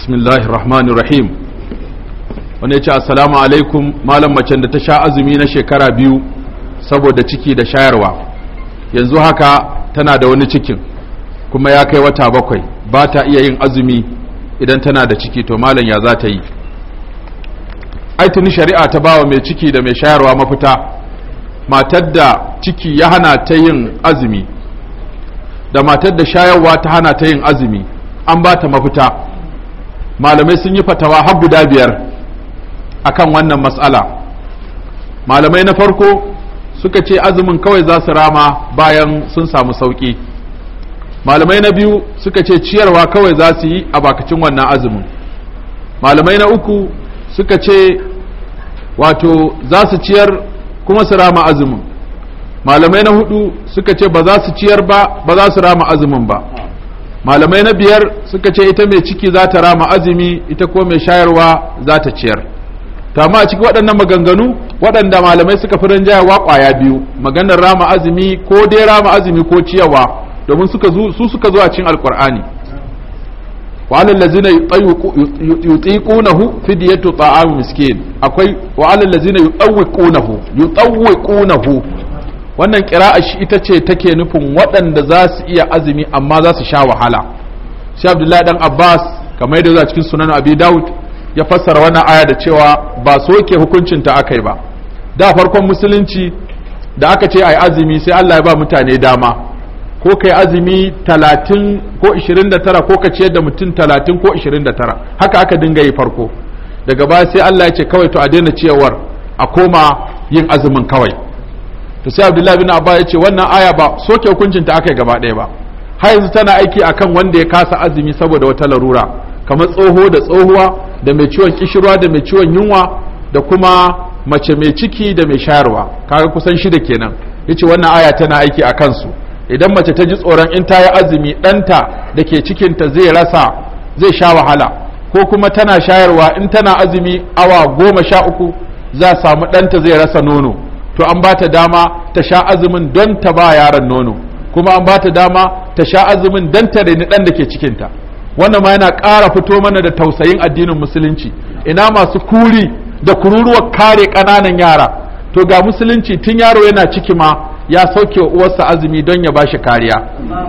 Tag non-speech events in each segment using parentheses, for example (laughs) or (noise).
Bismillahi rahmanir rahim ya ce assalamu alaikum malam macen da ta sha azumi na shekara biyu saboda ciki da shayarwa yanzu haka tana da wani cikin kuma ya kai wata bakwai ba ta iya yin azumi idan tana da ciki to malam ya za ta yi aitini shari'a ta bawa mai ciki da mai shayarwa mafita matar da ciki ya hana ta yin azumi da matar da shayarwa ta hana ta yin azumi an ba ta mafita malamai sun yi fatawa har guda biyar akan wannan matsala malamai na farko suka ce azumin kawai za su rama bayan sun samu sauki malamai na biyu suka ce ciyarwa kawai za su yi a bakacin wannan azumin malamai na uku suka ce wato za su ciyar kuma su rama azumin malamai na hudu suka ce ba za su ciyar ba ba za su rama azumin ba malamai na biyar suka ce ita mai ciki za ta rama azumi ita ko mai shayarwa za ta ciyar to amma a cikin waɗannan maganganu waɗanda malamai suka fi rinjayawa ƙwaya biyu maganar rama azumi ko dai rama azumi ko ciyarwa domin su suka zo a cikin alƙur'ani alal lazina yutiqunahu fidyatu ta'am miskin akwai alal lazina yutawiqunahu yutawiqunahu wannan ƙira'a shi ita ce take nufin waɗanda za su iya azumi amma za su sha wahala shi abdullahi dan abbas kamar yadda za cikin sunan abi dawud ya fassara wannan aya da cewa ba ke hukuncin ta akai ba da farkon musulunci da aka ce yi azumi sai Allah ya ba mutane dama ko kai azumi talatin ko ishirin da tara ko ka ciyar da mutum talatin ko ishirin da tara haka aka dinga yi farko daga baya sai Allah ya ce kawai to a daina ciyarwar a koma yin azumin kawai to sai abdullahi bin abba ya ce wannan aya ba soke hukuncin ta aka gaba ɗaya ba har yanzu tana aiki akan wanda ya kasa azumi saboda wata larura kamar tsoho da tsohuwa da mai ciwon kishirwa da mai ciwon yunwa da kuma mace mai ciki da mai shayarwa kaga kusan shida kenan yace wannan aya tana aiki a kansu idan mace ta ji tsoron in ta yi azumi ɗanta da ke cikinta zai rasa zai sha wahala ko kuma tana shayarwa in tana azumi awa goma sha uku za a samu ɗanta zai rasa nono to an ba ta dama ta sha azumin don ta ba yaron nono kuma an ba ta dama ta sha azumin don ta raini ɗan da ke cikinta wannan ma yana ƙara fito mana da tausayin addinin musulunci ina masu kuri da kururuwar kare ƙananan yara to ga musulunci tun yaro yana ciki ma ya sauke uwarsa azumi don ya ba shi kariya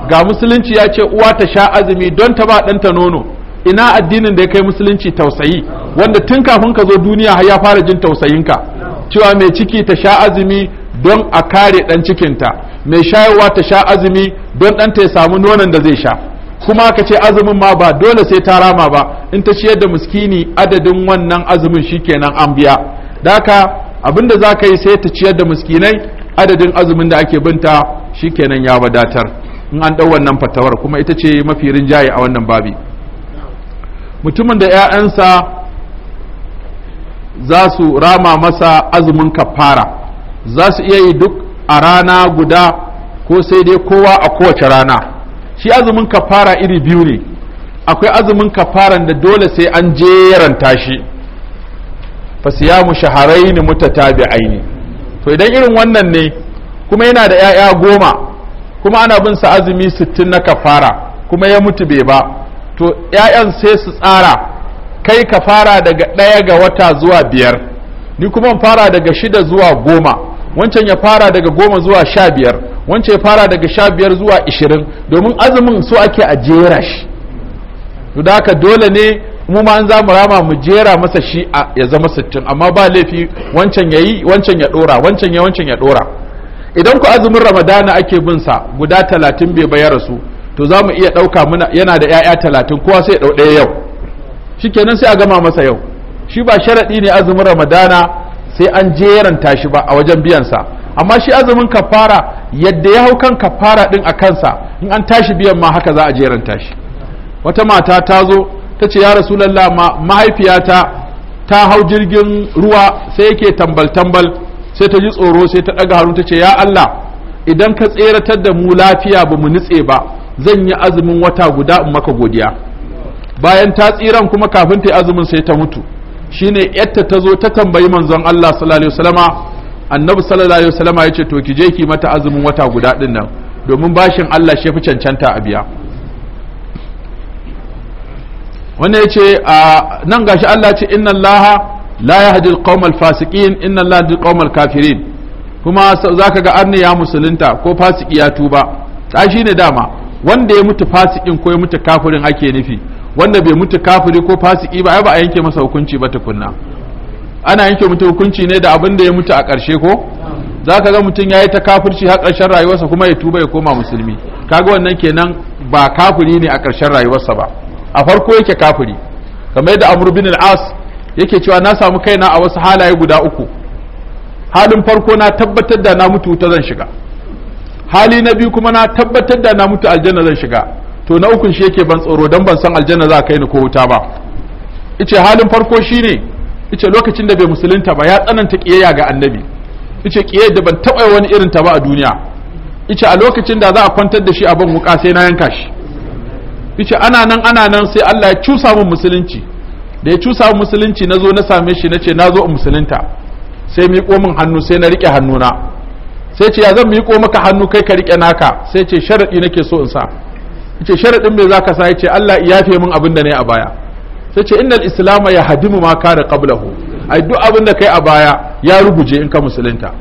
ga musulunci ya ce uwa ta sha azumi don ta ba ɗanta nono ina addinin da ya kai musulunci tausayi wanda tun kafin ka zo duniya har ya fara jin tausayinka cewa mai ciki ta sha azumi don a kare ɗan cikinta mai shayarwa ta sha azumi don ɗanta ya samu nonon da zai sha kuma ka ce azumin ma ba dole sai ta rama ba in ta ciyar da muskini adadin wannan azumin shikenan an biya daka abinda za ka yi sai ta ciyar da muskinai adadin azumin da ake binta shikenan ya wadatar in an ɗau wannan fatawar kuma ita ce mafi rinjaye a wannan babi mutumin da 'ya'yansa za su rama masa azumin kafara za su iya yi duk a rana guda ko sai dai kowa a kowace rana shi azumin kafara iri biyu ne akwai azumin kafaran da dole sai an jeranta shi fasiyamu shaharaini mutatabi'aini to idan irin wannan ne kuma yana da 'ya'ya goma kuma ana bin sa azumi sittin na kafara kuma ya mutu bai ba to 'ya'yan sai su tsara kai ka fara daga ɗaya ga wata zuwa biyar ni kuma fara daga shida zuwa goma wancan ya fara daga goma zuwa sha biyar wancan ya fara daga sha biyar zuwa ishirin domin azumin so ake a jera shi da haka dole ne mu ma an za rama mu jera masa shi ya zama sittin amma ba laifi wancan ya yi wancan ya ɗora wancan ya wancan ya dora idan ku azumin ramadana ake bin sa guda talatin bai bayar su to za mu iya ɗauka muna yana da 'ya'ya talatin kowa sai ya ɗau ɗaya yau shikenan sai a gama masa yau shi ba sharaɗi ne azumin ramadana sai an jeranta shi ba a wajen biyan sa amma shi azumin kafara yadda ya hau kan kafara ɗin a kansa in an tashi biyan ma haka za a jeranta shi wata mata ta zo ta ce ya rasulallah ma mahaifiyata ta hau jirgin ruwa sai yake tambal tambal sai ta ji tsoro sai ta ɗaga hannu ta ce ya Allah idan ka tseratar da mu lafiya ba mu nitse ba zan yi azumin wata guda in maka godiya bayan ta tsiran kuma kafin ta yi azumin sai ta mutu shine yatta ta zo ta tambayi manzon Allah sallallahu alaihi wasallama annabi sallallahu alaihi wasallama yace to ki je ki mata azumin wata guda din nan domin bashin Allah shi fi cancanta a biya wanda yace a nan gashi Allah ce inna Allah la yahdi alqawm alfasiqin inna Allah yahdi alqawm kafirin kuma zaka ga arni ya musulunta ko fasiki ya tuba ta shine dama wanda ya mutu fasikin ko ya mutu kafirin ake nufi wanda bai mutu kafiri ko fasiki ba ai ba a yanke masa hukunci ba tukunna ana yanke mutu hukunci ne da abin da ya mutu a ƙarshe ko zaka ga mutum ya yi ta kafirci har ƙarshen rayuwarsa kuma ya tuba ya koma musulmi kaga wannan kenan ba kafiri ne a ƙarshen rayuwarsa ba a farko yake kafiri kamar yadda amr bin al-as yake cewa na samu kaina a wasu halaye guda uku halin farko na tabbatar da na mutu ta zan shiga hali na biyu kuma na tabbatar da na mutu aljanna zan shiga to na ukun shi yake ban tsoro dan ban san aljanna za kai ni ko wuta ba ice halin farko shine ice lokacin da bai musulunta ba ya tsananta kiyayya ga annabi ice kiyayya da ban taɓa wani irin ta ba a duniya ice a lokacin da za a kwantar da shi a ban wuka sai na yanka shi ice ana nan ana nan sai Allah ya cusa mun musulunci da ya cusa musulunci na zo na same shi na ce na zo in musulunta sai ko min hannu sai na rike hannuna sai ce ya zan ko maka hannu kai ka rike naka sai ce sharaɗi nake so in sa yace sharadin me zaka sa yace Allah ya yafe min abin da nayi a baya sai ce innal islamu ya hadimu ma kana qablahu ai duk abin da kai a baya ya ruguje in ka musulunta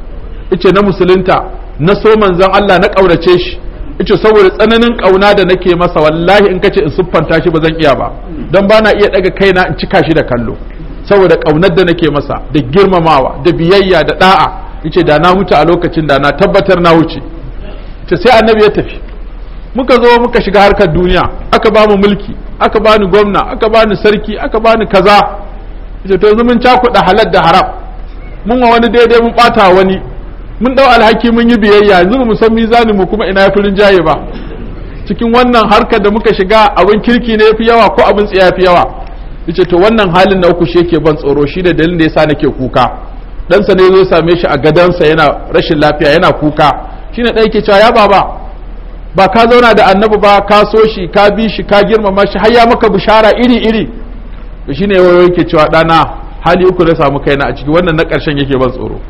yace na musulunta na so manzon Allah na kaurace shi yace saboda tsananin kauna da nake masa wallahi in ka ce in siffanta shi ba zan iya ba dan bana iya daga kaina in cika shi da kallo saboda kaunar da nake masa da girmamawa da biyayya da da'a yace da na huta a lokacin da na tabbatar na wuce sai annabi ya tafi muka zo muka shiga harkar duniya aka ba mu mulki aka ba ni gwamna aka ba ni sarki aka ba ni kaza ita to yanzu mun cakuɗa halal da haram mun wa wani daidai mun ɓata wani mun ɗau alhaki mun yi biyayya yanzu mu san mizani mu kuma ina filin jaye ba cikin wannan harkar da muka shiga abin kirki ne fi yawa ko abin tsiya fi yawa ita to wannan halin na uku shi ban tsoro shi da dalilin da yasa nake kuka ɗansa ne zo same shi a sa yana rashin lafiya yana kuka shine ɗaya yake cewa ya baba ba ka zauna da annabi ba ka so shi ka bi shi ka girmama shi har ya maka bushara iri iri to shine wayo yake cewa dana hali uku da samu kaina a ciki wannan na karshen yake ban tsoro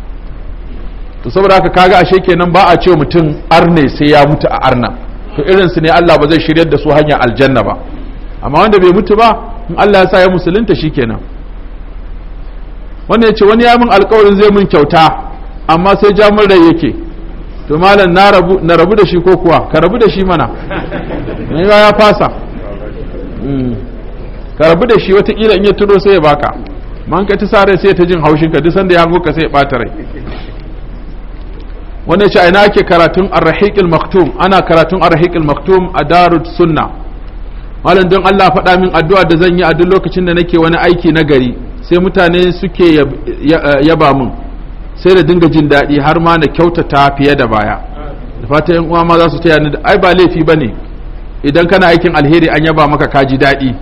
to saboda haka kaga ashe kenan ba a ce mutum arne sai ya mutu a arna to irin su ne Allah ba zai shiryar da su hanya aljanna ba amma wanda bai mutu ba in Allah ya sa ya musulunta shikenan wanda ya ce wani ya min alkawarin zai mun kyauta amma sai jamin rai yake to malam na rabu da shi ko kuwa ka rabu da shi mana (laughs) ne ya fasa hmm. ka rabu da shi watakila in ya turo sai ya baka man ka ci sare sai ta jin haushin ka duk sanda ya hango ka sai ya bata rai wanda a ina ake karatun arrahiqil maktum ana karatun arrahiqil maktum a darut sunna malam don Allah faɗa min addu'a da zan yi a duk lokacin da nake wani aiki na gari sai mutane suke yaba min sai da dinga jin daɗi har ma na kyautata fiye da baya da fata yan uwa ma za su taya ni ai ba laifi bane idan kana aikin alheri an yaba maka kaji daɗi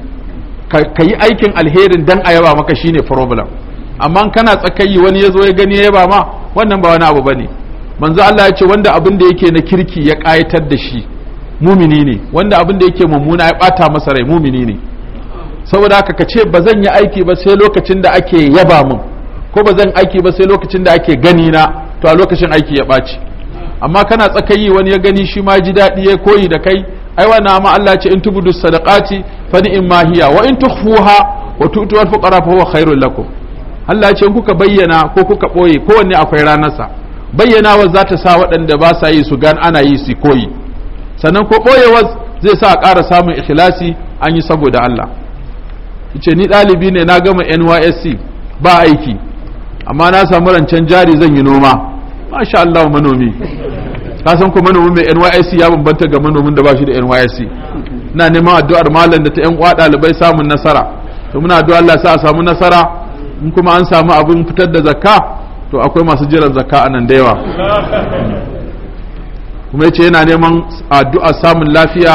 ka yi aikin alherin dan a yaba maka shi ne problem amma kana tsakayi wani ya zo ya gani ya yaba ma wannan ba wani abu bane manzo Allah ya ce wanda abin da yake na kirki ya ƙayatar da shi mumini ne wanda abin da yake mummuna ya ɓata masa rai mumini ne saboda haka ka ce ba zan yi aiki ba sai lokacin da ake yaba mun ko ba zan aiki ba sai lokacin da ake gani na to a lokacin aiki ya ɓaci amma kana tsakayi wani ya gani shi ma ji daɗi ya koyi da kai ai wannan ma Allah ce in tubudu sadaqati fa imma hiya wa in tukhfuha wa tu'tu al fuqara fa huwa khairul lakum Allah ce in kuka bayyana ko kuka boye kowanne akwai ranarsa Bayyanawar za ta sa waɗanda ba sa yi su gan ana yi su koyi sannan ko boyewa zai sa a ƙara samun ikhlasi an yi saboda Allah ce ni ɗalibi ne na gama NYSC ba aiki amma na samu rancen jari zan yi noma masha Allah manomi ka san ko manomin mai NYSC ya bambanta ga manomin da ba shi da NYSC ina neman addu'ar malam da ta yan uwa dalibai samun nasara to muna addu'a Allah sa a samu nasara in kuma an samu abin fitar da zakka to akwai masu jiran zakka a nan da yawa kuma yace yana neman addu'a samun lafiya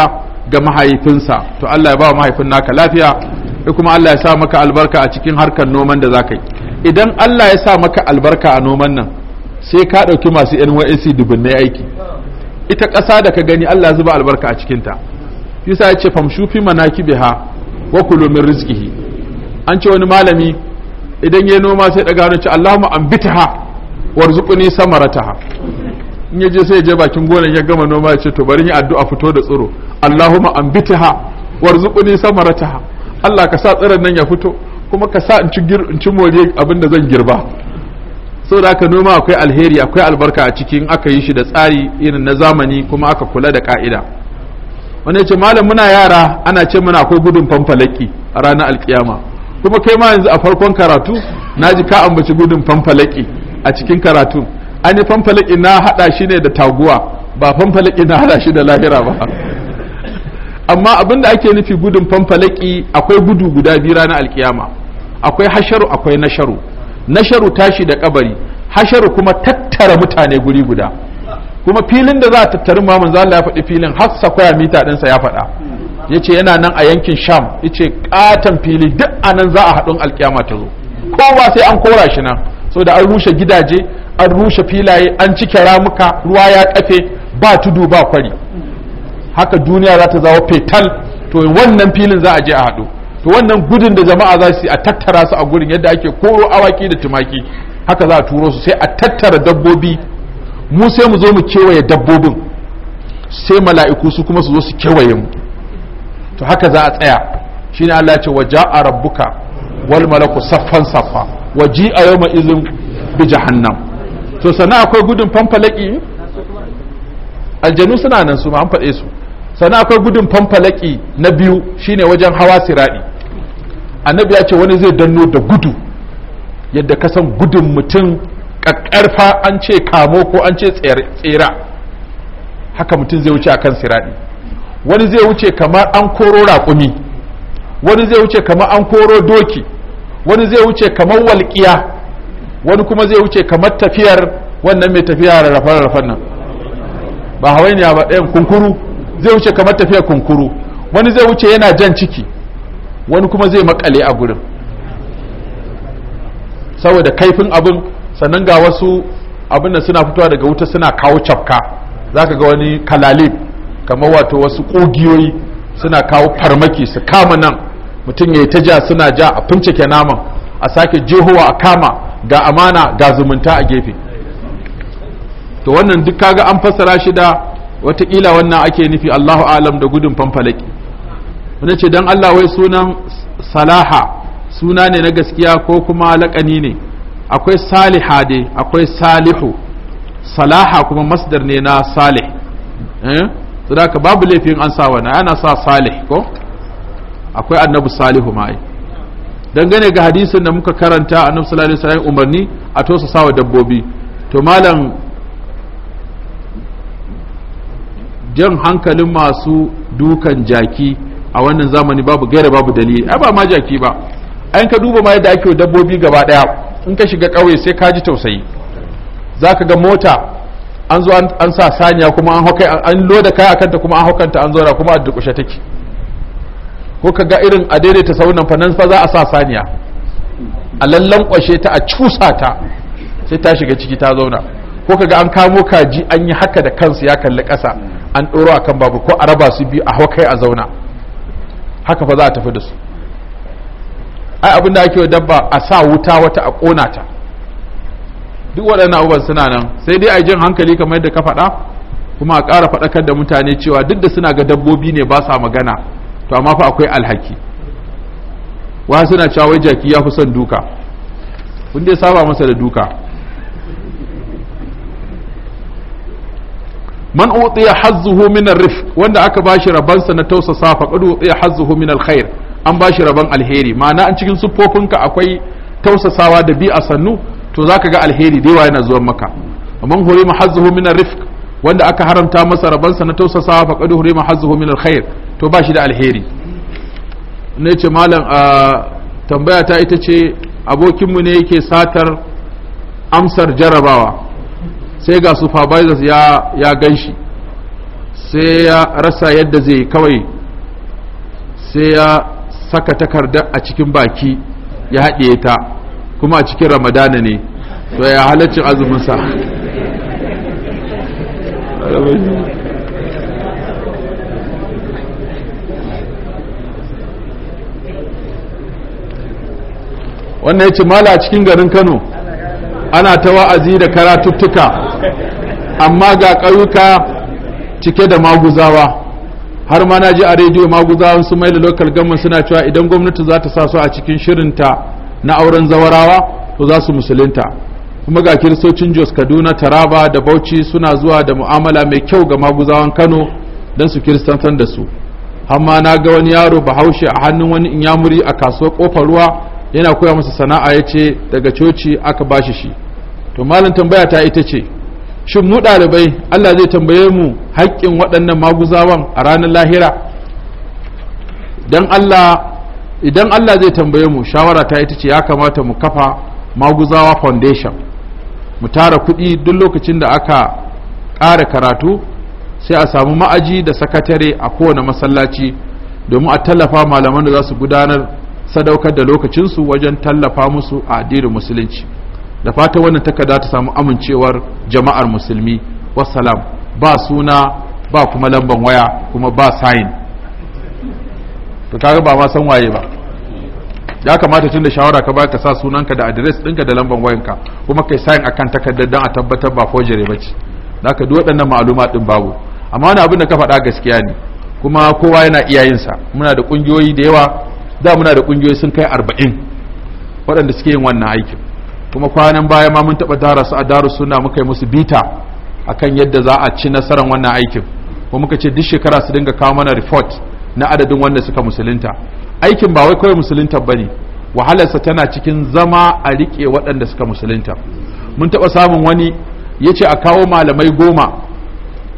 ga mahaifinsa to Allah ya ba mahaifin naka lafiya kuma Allah ya sa maka albarka a cikin harkar noman da zaka yi idan Allah ya sa maka albarka a noman nan sai ka ɗauki masu NYSC dubunnai aiki ita ƙasa da ka gani Allah zuba albarka a cikinta yusa ya ce famshu fi manaki biha wa kulu min rizqihi an ce wani malami idan ya noma sai daga wani ce Allahumma anbitaha warzuqni samarataha in ya je sai ya je bakin gonan ya gama noma ya ce to bari yi addu'a fito da tsiro Allahumma anbitaha warzuqni samarataha Allah ka sa tsiron nan ya fito kuma ka sa in ci more abin da zan girba Sau da aka noma akwai alheri akwai albarka a cikin aka yi shi da tsari irin na zamani kuma aka kula da ka'ida wani ce malam muna yara ana ce mana akwai gudun fanfalaki a ranar alkiyama kuma kai ma yanzu a farkon karatu na ji ka ambaci gudun fanfalaki a cikin karatu an yi fanfalaki na haɗa shi ne da taguwa ba fanfalaki na haɗa shi da lahira ba amma abin da ake nufi gudun fanfalaki akwai gudu guda biyu ranar alkiyama akwai hasharu akwai nasharu nasharu tashi da kabari hasharu kuma tattara mutane guri guda kuma filin da za a tattari ma manzo Allah ya faɗi filin har sakwaya mita sa ya faɗa yace yana nan a yankin Sham yace katan fili duk anan za a haɗun alkiyama ta zo kowa sai an kora shi nan saboda an rushe gidaje an rushe filaye an cike ramuka ruwa ya kafe ba tudu ba kwari haka duniya za ta zawo fetal to wannan filin za a je a haɗu to wannan gudun da jama'a za su a tattara su a gurin yadda ake koro awaki da tumaki haka za a turo su sai a tattara dabbobi mu sai mu zo mu kewaye dabbobin sai mala'iku su kuma su zo su kewaye mu to haka za a tsaya shine Allah ya ce a rabbuka wal malaku saffan saffa a yau izin bi jahannam to sana akwai gudun fanfalaki aljanu suna nan su ma an faɗe su sana akwai gudun fanfalaki na biyu shine wajen hawa sira'i annabi ya ce wani zai danno da gudu yadda ka san gudun mutum ƙaƙƙarfa an ce kamo ko an ce tsera haka mutum zai wuce a kan siraɗi wani zai wuce kamar an koro raƙumi wani zai wuce kamar an koro doki wani zai wuce kamar walƙiya wani kuma zai wuce kamar tafiyar wannan mai tafiya rafan rafan nan ba hawainiya ba ɗayan kunkuru zai wuce kama tafiyar kunkuru wani zai wuce yana jan ciki wani kuma zai makale a gurin saboda kaifin abin sannan ga wasu abin da suna fitowa daga wuta suna kawo cafka zaka ga wani kalalib kamar wato wasu kogiyoyi suna kawo farmaki su kama nan mutum ya yi ta ja suna ja a fincike naman a sake jehowa a kama ga amana ga zumunta a gefe to wannan duk kaga an fassara shida da watakila wannan ake nufi allahu alam da gudun fanfalaki wani ce don Allah wai sunan salaha suna ne na gaskiya ko kuma laƙani ne akwai saliha dai akwai salihu salaha kuma masdar ne na salih eh ka babu laifin an sa wani ana sa salih ko akwai annabu salihu ma ai dangane ga hadisin da muka karanta annabi sallallahu alaihi wasallam umarni a tosa sawa dabbobi to malam jan hankalin masu dukan jaki a wannan zamani babu gaira babu dalili ai ba ma jaki ba ai ka duba ma yadda ake dabbobi gaba daya in ka shiga kauye sai ka ji tausayi zaka ga mota an zo an sa saniya kuma an hokai an loda kaya kanta kuma an hokanta an zora kuma a dukushe take ko ka ga irin a daidaita saunan fa nan fa za a sa saniya a lallan kwashe ta a cusa ta sai ta shiga ciki ta zauna ko ka ga an kamo kaji an yi haka da kansu ya kalli ƙasa an ɗoro a kan babu ko a raba su biyu a hokai a zauna haka fa za a tafi da su ai abinda ake wa dabba a sa wuta wata a ƙona ta duk waɗannan abubuwan suna nan sai dai a jin hankali kamar yadda ka faɗa kuma a ƙara faɗakar da mutane cewa duk da suna ga dabbobi ne ba sa magana to amma fa akwai alhaki wa suna cewa wai jaki ya fi son duka kun dai saba masa da duka man utiya hazzuhu min ar wanda aka bashi rabansa na tausasa fa qad utiya hazzuhu min alkhair an bashi raban alheri ma'ana an cikin ka akwai tausasawa da bi a sannu to zaka ga alheri da yawa yana zuwa maka man hurima hazzuhu min rifq wanda aka haramta masa rabansa na tausasawa fa qad hurima hazzuhu min alkhair to bashi da alheri ne ce malam tambaya ta ita ce abokinmu ne yake satar amsar jarabawa sai ga supervisors ya ya gan shi sai ya rasa yadda zai kawai sai ya saka takarda a cikin baki ya haɗiye ta kuma a cikin ramadana ne to ya halaccin azuminsa wannan ya ce mala a cikin garin kano ana ta wa'azi da karatuttuka amma ga ƙauyuka cike da maguzawa har ma na ji a rediyo maguzawa su mai da local government suna cewa idan gwamnati za ta sa su a cikin shirinta na auren zawarawa to za su musulunta kuma ga kiristocin jos kaduna taraba da bauchi suna zuwa da mu'amala mai kyau ga maguzawan kano don su kiristantar da su amma na ga wani yaro bahaushe a hannun wani inyamuri a kasuwar kofar ruwa yana koya masa sana'a ya ce daga coci aka bashi shi to malam tambaya ta ita ce shin mu ɗalibai Allah zai tambaye mu haƙƙin waɗannan maguzawan a ranar lahira idan Allah zai tambaye mu shawara ta ita ce ya kamata mu kafa maguzawa foundation mu tara kuɗi duk lokacin da aka ƙara karatu sai a samu ma'aji da sakatare a kowane masallaci domin a tallafa malaman da za su gudanar sadaukar da lokacinsu wajen tallafa musu a addinin musulunci da fata wannan takarda ta samu amincewar jama'ar musulmi wassalam ba suna ba kuma lamban waya kuma ba sayin to kaga ba ma san waye ba ya kamata tun da shawara ka baka sa sunanka da address ɗinka da lamban wayanka kuma kai sayin akan takardar don a tabbatar ba forgery bace naka duk waɗannan maluma din babu amma wani abin da ka faɗa gaskiya ne kuma kowa yana iyayin sa muna da ƙungiyoyi da yawa da muna da ƙungiyoyi sun kai arba'in waɗanda suke yin wannan aikin kuma kwanan baya ma mun taɓa darasu a daru suna muka yi musu bita akan yadda za a ci nasarar wannan aikin kuma muka ce duk shekara su dinga kawo mana report na adadin wanda suka musulunta aikin ba wai kawai musulunta ba ne wahalarsa tana cikin zama a riƙe waɗanda suka musulunta mun taɓa samun wani ya ce a kawo malamai goma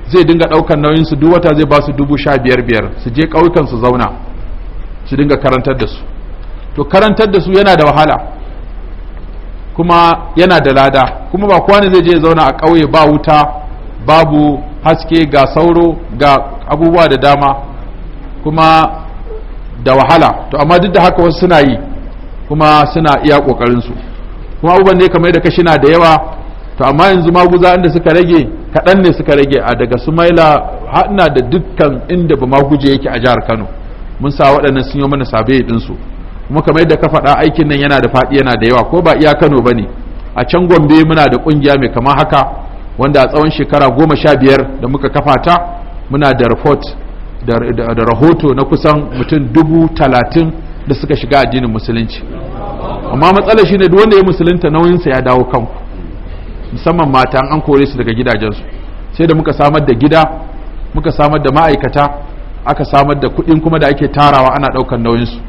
zai dinga ɗaukar nauyinsu duk wata zai ba su dubu sha biyar biyar su je ƙauyukan su zauna su dinga karantar da su to karantar da su yana da wahala kuma yana da lada kuma ba kowa ne zai je ya zauna a ƙauye ba wuta babu haske ga sauro ga abubuwa da dama kuma da wahala to amma duk da haka wasu suna yi kuma suna iya ƙoƙarinsu kuma abubuwan ne kamar da kashi na da yawa to amma yanzu maguza inda suka rage kaɗan ne suka rage a daga sumaila haɗina da dukkan inda ba maguje yake a jihar kano mun sa waɗannan sun yi mana sabe ɗinsu kuma kamar yadda ka faɗa aikin nan yana da faɗi yana da yawa ko ba iya Kano ba ne a can Gombe muna da ƙungiya mai kama haka wanda a tsawon shekara goma sha biyar da muka kafa ta muna da report da rahoto na kusan mutum dubu talatin da suka shiga addinin musulunci amma matsalar shine duk wanda ya musulunta nauyinsa ya dawo kanku musamman mata an kore su daga gidajensu sai da muka samar da gida muka samar da ma'aikata aka samar da kuɗin kuma da ake tarawa ana ɗaukar nauyinsu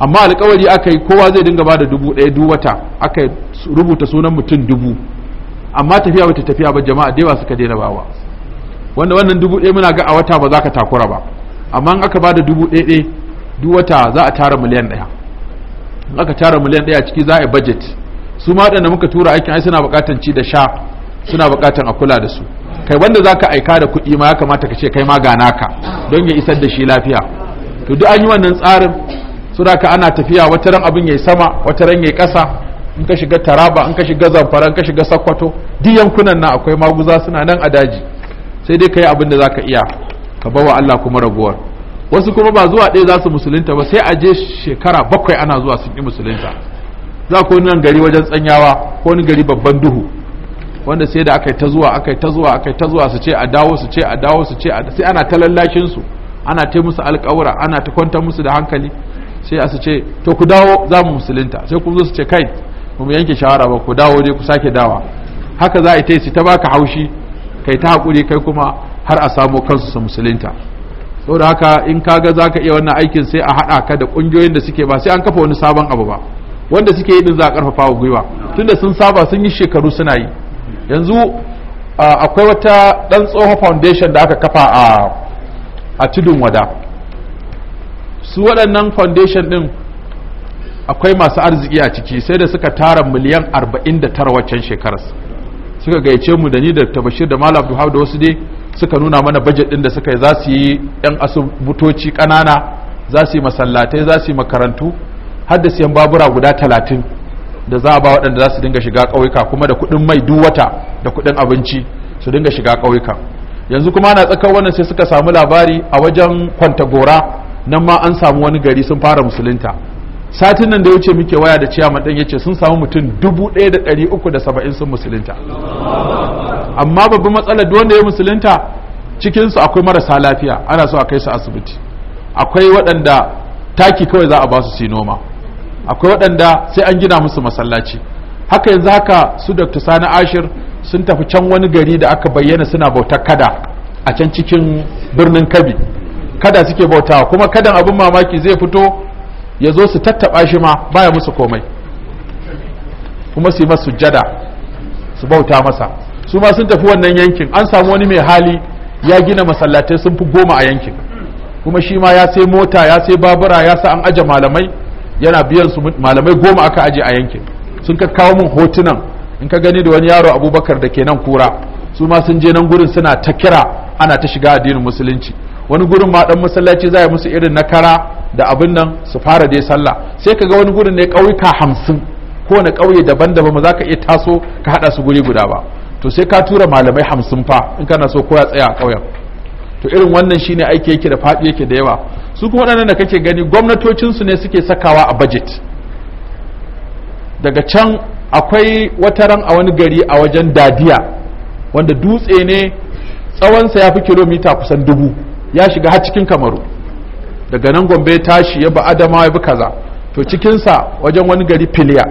amma alkawari aka yi kowa zai dinga bada dubu ɗaya duk wata aka rubuta sunan mutum dubu amma tafiya bata tafiya ba jama'a da yawa suka daina bawa wanda wannan dubu ɗaya muna ga a wata ba za ka takura ba amma in aka bada dubu ɗaya ɗaya duk wata za a tara miliyan ɗaya in aka tara miliyan ɗaya ciki za a yi budget su ma waɗanda muka tura aikin ai suna buƙatar ci da sha suna buƙatar a kula da su kai wanda za ka aika da kuɗi ma ya kamata ka ce kai ma ga naka don ya isar da shi lafiya to duk an yi wannan tsarin su da ka ana tafiya wata ran abin yayi sama wata ran yayi kasa in ka shiga taraba in ka shiga zamfara in ka shiga sakkwato duk yankunan nan akwai maguza suna nan a daji sai dai ka yi abin da za ka iya ka bawa Allah kuma raguwar wasu kuma ba zuwa ɗaya za su musulunta ba sai a je shekara bakwai ana zuwa sun yi musulunta za ku nan gari wajen tsanyawa ko wani gari babban duhu wanda sai da aka yi ta zuwa aka yi ta zuwa aka yi ta zuwa su ce a dawo su ce a dawo su ce sai ana ta lallashin su ana ta musu alƙawura ana ta kwanta musu da hankali sai a su ce to ku dawo za mu musulunta sai ku zo su ce kai mu yanke shawara ba ku dawo dai ku sake dawa haka za a yi su ta baka haushi kai ta haƙuri kai kuma har a samo kansu su musulunta saboda haka in kaga za ka iya wannan aikin sai a haɗa ka da ƙungiyoyin da suke ba sai an kafa wani sabon abu ba wanda suke yi din za a ƙarfafa wa gwiwa tunda sun saba sun yi shekaru suna yi yanzu akwai wata ɗan tsoho foundation da aka kafa a tudun wada su waɗannan foundation ɗin akwai masu arziki a ciki sai da suka tara miliyan 49 waccan shekarar suka gayyace mu da ni da tabashir da malam abdulhab da wasu dai suka nuna mana budget ɗin da suka yi za su yi yan asibitoci ƙanana za su yi masallatai za su yi makarantu har da siyan babura guda talatin da za a ba waɗanda za su dinga shiga ƙauyuka kuma da kuɗin mai duk wata da kuɗin abinci su dinga shiga ƙauyuka yanzu kuma ana tsakar wannan sai suka samu labari a wajen kwantagora nan ma an samu wani gari sun fara musulunta satin nan da ya wuce muke waya da ciyama dan yace sun samu mutum 1370 sun musulunta amma babban matsalar duk wanda ya musulunta cikin su akwai marasa lafiya ana so a kai su asibiti akwai waɗanda taki kawai za a ba su su noma akwai waɗanda sai an gina musu masallaci haka yanzu haka su dr sani ashir sun tafi can wani gari da aka bayyana suna bautar kada a can cikin birnin kabi kada suke bautawa kuma kadan abin mamaki zai fito ya zo su tattaɓa shi ma baya musu komai kuma su yi masu jada su bauta masa su ma sun tafi wannan yankin an samu wani mai hali ya gina masallatai sun fi goma a yankin kuma shi ma ya sai mota ya sai babura ya sa an aje malamai yana biyan su malamai goma aka aje a yankin sun ka kawo min hotunan in ka gani da wani yaro abubakar da ke nan kura su ma sun je nan gurin suna ta kira ana ta shiga addinin musulunci wani gurin ma dan masallaci za musu irin na kara da abin nan su fara dai sallah sai ka ga wani gurin ne ƙauyuka hamsin na kauye daban-daban ba za ka iya taso ka hada su guri guda ba to sai ka tura malamai hamsin fa in kana so koya tsaya a kauyen. to irin wannan shine aiki yake da faɗi yake da yawa su kuma waɗannan da kake gani gwamnatocin su ne suke sakawa a budget daga can akwai wata ran a wani gari a wajen dadiya wanda dutse ne tsawonsa ya fi kilomita kusan dubu ya shiga har cikin kamaru daga nan gombe tashi ya ba adama ya bi kaza to cikinsa wajen wani gari filiya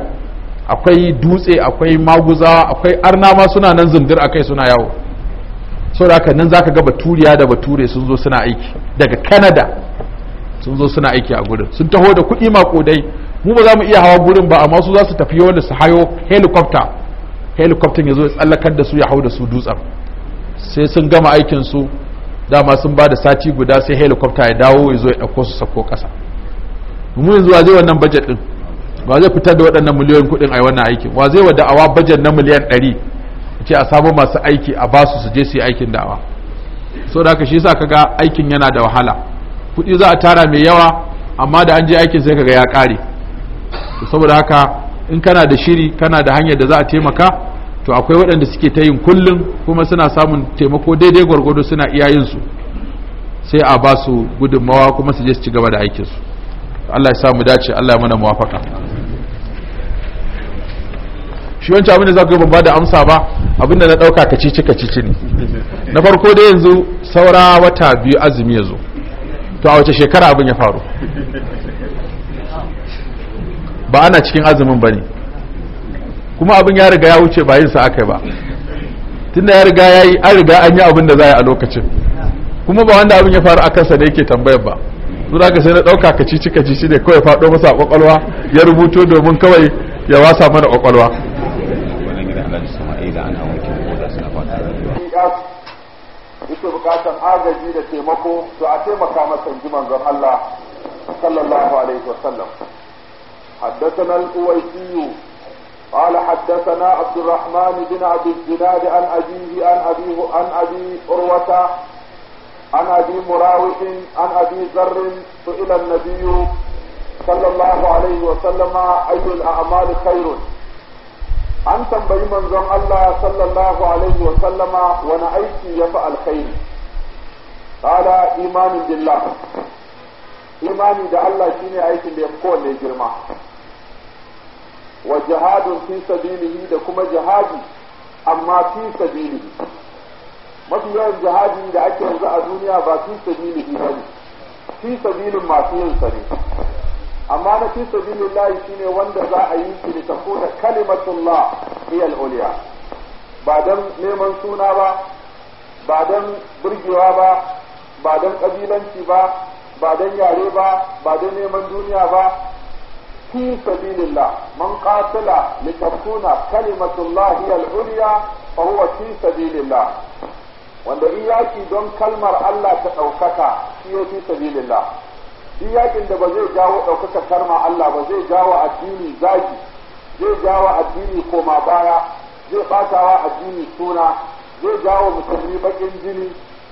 akwai dutse akwai maguza akwai arna ma suna nan zindir a suna yawo saboda haka nan zaka ga baturiya da bature sun zo suna aiki daga canada sun zo suna aiki a gurin sun taho da kuɗi maƙudai mu ba za mu iya hawa gurin ba amma su za su tafi wanda su hayo helicopter helicopter ya zo ya tsallakar da su ya hau da su dutsen sai sun gama aikin su dama sun ba da sati guda sai helicopter ya dawo ya zo ya ɗauko su sako ƙasa mu yanzu wa zai wannan budget din wa zai fitar da waɗannan miliyoyin kuɗin a wannan aikin wa zai wa da'awa budget na miliyan ɗari ce a samu masu aiki a ba su su je su yi aikin da'awa so da haka shi yasa kaga aikin yana da wahala kuɗi za a tara mai yawa amma da an je aikin sai kaga ya ƙare saboda haka in kana da shiri kana da hanyar da za a taimaka to akwai waɗanda suke ta yin kullum kuma suna samun taimako daidai gwargwado suna iya yin sai a ba su gudunmawa kuma su je su ci gaba da aikinsu. su Allah ya samu dace Allah ya mana muwafaka shi wancan abin da za ku yi ba da amsa ba abin da na ɗauka kacici kacici ne na farko da yanzu saura wata biyu azumi ya zo to a wace shekara abin ya faru ba ana cikin azumin ba ne kuma abin ya riga ya wuce ba yin sa aka ba tunda ya riga ya yi an riga an yi abin da za a lokacin kuma ba wanda abin ya faru a kansa da yake tambayar ba zura ka sai na ɗauka ka kacici ne kawai faɗo masa a ƙwaƙwalwa ya rubuto domin kawai ya wasa mana ƙwaƙwalwa yake bukatar agaji da taimako to a taimaka masa ji manzon Allah sallallahu alaihi wasallam حدثنا الأويسي قال حدثنا عبد الرحمن بن عبد الجناد عن أبيه عن أبي عن أبي أروة عن أبي مراوح عن أبي ذر سئل النبي صلى الله عليه وسلم أي الأعمال خير an tambayi manzon Allah sallallahu alaihi wa sallama wani aiki ya fi alkhairi qala imanin billah imani da Allah shine aikin da ya girma wa jihadun fi sabilihi da kuma jihadi amma fi sabilihi mafi yawan jihadi da ake yanzu a duniya ba fi sabilihi ba ne fi sabilin masu yin sa ne amma na fi shi ne wanda za a yi shi da takuna kalimatullah la al ba dan neman suna ba ba dan burgewa ba ba dan kabilanci ba ba dan yare ba ba dan neman duniya ba في سبيل الله من قاتل لتكون كلمة الله هي العليا فهو في سبيل الله wanda iyaki don kalmar Allah ta ɗaukaka shi ya fi sabilillah shi yakin da ba zai jawo ɗaukaka karma Allah ba zai jawo addini zagi zai jawo addini koma baya zai wa addini suna zai jawo musulmi baƙin jini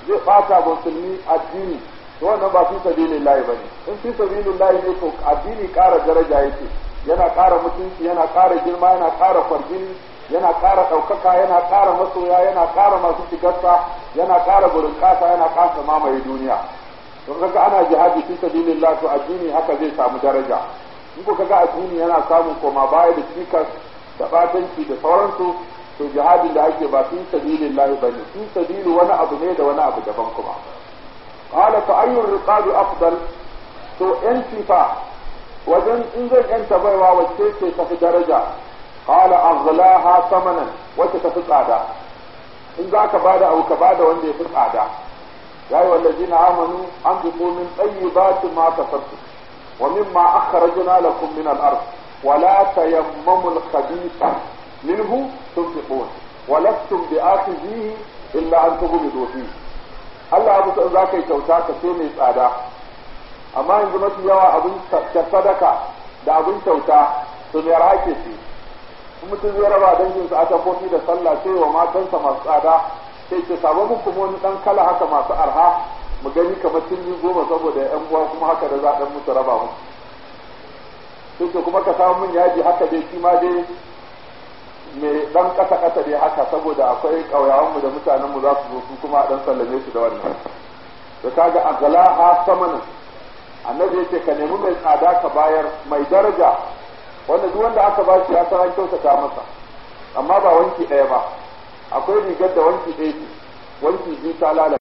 zai ɓata musulmi addini to wannan ba fi sabilillahi bane in fi sabilillahi ne to addini ƙara daraja yake yana kara mutunci yana ƙara girma yana ƙara farjini yana kara ɗaukaka yana ƙara masoya yana ƙara masu cigarsa yana kara gurin ƙasa yana ƙasa mamaye duniya to kaga ana jihadi fi sabilillah to addini haka zai samu daraja in ko kaga addini yana samun koma baya da cikas da batanci da sauransu to jihadin da ake ba fi sabilillah bane fi sabili wani abu ne da wani abu daban kuma قال فأي الرقاد أفضل تو انتفاع وزن انزل انتفاع وواتي تتفي درجة قال أغلاها ثمنا وتتفق عدا انزع بعد أو كبادة واندي يفق عدا يا أيها الذين آمنوا أنفقوا من طيبات ما كسبتم ومما أخرجنا لكم من الأرض ولا تيمموا الخبيث منه تنفقون ولستم بآخذيه إلا أن تغمضوا فيه Allah ya fi za ka yi kyauta ka sai mai tsada amma yanzu mafi yawa abin sadaka da abin kyauta su mai rake ce in mutum zai raba danginsa a tambofi da sallah sai wa matansa masu tsada sai ce sabon muku wani dan kala haka masu arha mu gani kamar yi goma saboda yan uwa kuma haka da za a dan musu raba musu sai ce kuma ka samu min yaji haka dai shi ma dai me dan kasa kasa ne haka saboda akwai mu da mutanenmu za su zo su kuma a dan sallame su da wannan da kaga a galaha samanin annabi yake ka nemi mai tsada ka bayar mai daraja wanda duk wanda aka ba shi ya san an kyautata masa amma ba wanki ɗaya ba akwai rigar da wanki ɗaya ne wanki biyu ta lalata